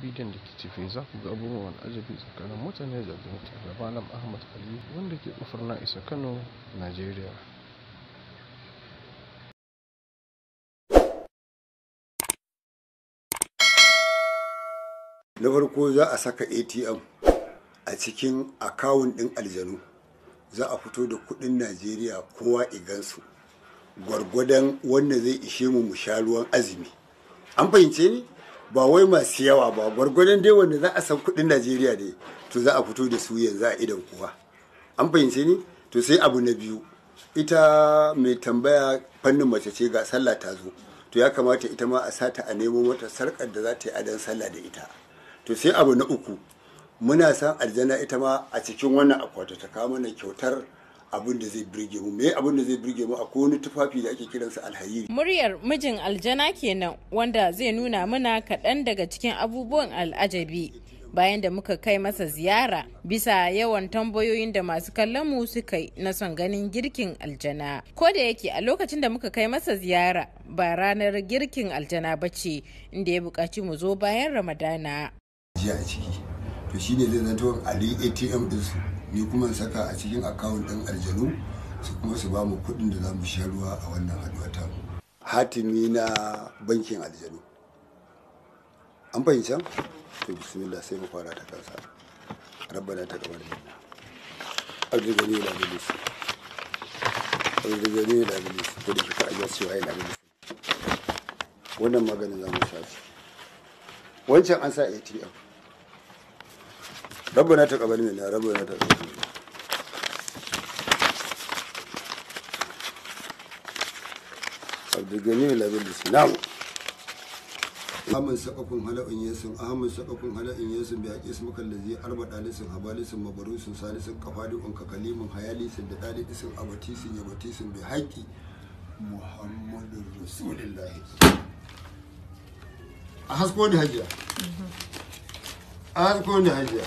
bidiyon da ke tafe za ku ga abubuwan ajabi tsakanin mutane da gwamnati da malam ahmad ali wanda ke kofar na isa kano nigeria na farko za a saka atm a cikin akawun din aljanu za a fito da kudin najeriya kowa igansu gwargwadon wanda zai ishe mu mu sha ruwan azumi an fahimce ni ba wai masu yawa ba gwargwadon dai wanda za a san kuɗin najeriya ne to za a fito da su yanzu a idan kowa an fahimci ni to sai abu na biyu ita mai tambaya fannin mace ce ga sallah ta zo to ya kamata ita ma a sata a nemo mata sarkar da za ta yi adan sallah da ita to sai abu na uku muna san aljana ita ma a cikin wannan akwata ta kawo mana kyautar abin da zai birge mu me abin da zai birge mu akwai wani tufafi da ake kiransa alhayiri muryar mijin aljana kenan wanda zai nuna mana kaɗan daga cikin abubuwan al'ajabi bayan da muka kai masa ziyara bisa yawan tambayoyin da masu kallon mu suka yi na son ganin girkin aljana ko da yake a lokacin da muka kai masa ziyara ba ranar girkin aljana ba ce inda ya buƙaci mu zo bayan ramadana jiya a ciki to shine zai zanto ali atm ɗinsu ni kuma saka a cikin akawun ɗin aljanu su kuma su ba mu kuɗin da za mu ruwa a wannan haɗuwa ta hatimi na bankin aljanu an fahimta to bismillah sai mu fara ta kansa rabbana da minna arjigani da bilis arjigani da bilis ko da kika ajiya cewa ila bilis wannan maganin za mu sha wancan an sa ATM ربنا تقبل منا ربنا تقبل منا عبد الجميل لابد نعم amin sakakun hala'in yesun amin sakakun hala'in yesun bai haƙi muka lazi arba ɗalisun habalisun mabarusun salisun kafalisun kakalimin hayalisun da ɗalisun abatisun yabatisun bai haƙi Muhammadu rasulullahi a hasko ne hajiya a hasko ne hajiya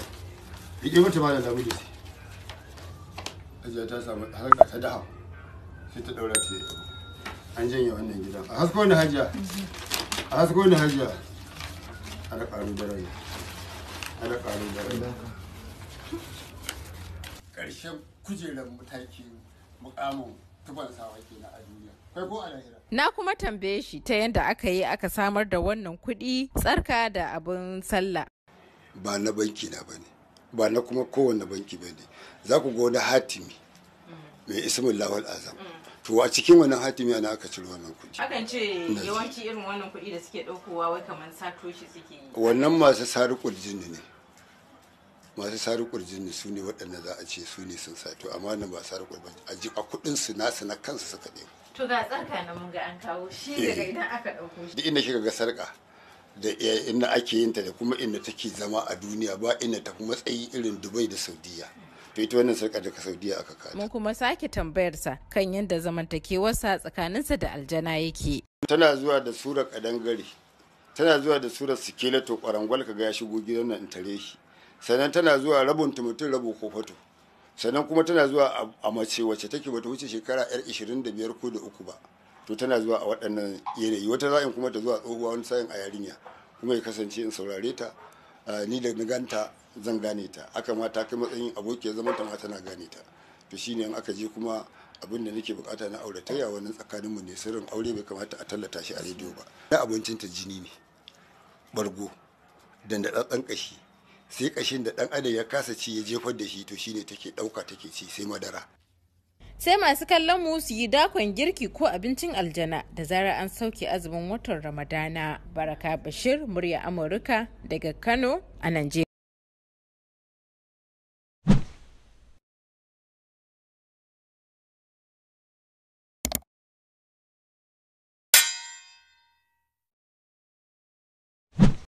rike mata ba da zamu da ajiya ta samu harka ta daha sai ta daura ta an janye wannan gida a hasko ni hajiya a hasko ni hajiya ana ƙaru da rai ana ƙaru da rai ƙarshen kujerar matakin mukamin tubansawa kenan a duniya kai ko a lahira Na kuma tambaye shi ta yadda aka yi aka samar da wannan kuɗi tsarka da abin sallah. Ba na banki na ba ne. ba na kuma kowane banki ba ne za ku ga wani hatimi mai ismin lawal azam to a cikin wannan hatimi ana aka ciro wannan kuɗi akan ce yawanci irin wannan kuɗi da suke ɗaukowa wai kamar satoshi suke yi wannan masu sari kurjin ne masu sari ne su ne waɗanda za a ce su ne sun sato amma na ba sari kurjin a ji a kuɗin su nasu na kansu suka ɗebo to ga tsarka na mun ga an kawo shi daga eh. idan aka ɗauko shi duk inda kika ga sarƙa da inda ake yin ta da kuma inda take zama a duniya ba inda ta kuma tsayi irin dubai da saudiya to ita wannan sarka daga saudiya aka kada mun kuma sake tambayarsa kan yadda zamantakewarsa tsakaninsa da aljana yake tana zuwa da surar kadangare tana zuwa da surar sikeleto kwarangwal kaga ya shigo gidan nan tare shi sannan tana zuwa rabon mutum rabo kofato sannan kuma tana zuwa a mace wacce take bata wuce shekara yar 25 ko da uku ba to tana zuwa a waɗannan yanayi wata za'in kuma ta zuwa tsohuwa wani sa'in a yarinya kuma ya kasance in saurare ta ni da na ganta zan gane ta aka ma ta kai matsayin abokiyar zaman ta ma tana gane ta to shine in aka je kuma abin da nake bukata na auratayya tsakanin mu ne sirrin aure bai kamata a tallata shi a rediyo ba na abincin ta jini ne bargo da naɗaɗɗen kashi sai kashin da dan adam ya kasa ci ya jefar da shi to shine take ɗauka take ci sai madara sai masu kallon mu su yi dakon girki ko abincin aljana da zarar an sauke azumin watan ramadana baraka bashir murya amurka daga kano a najeriya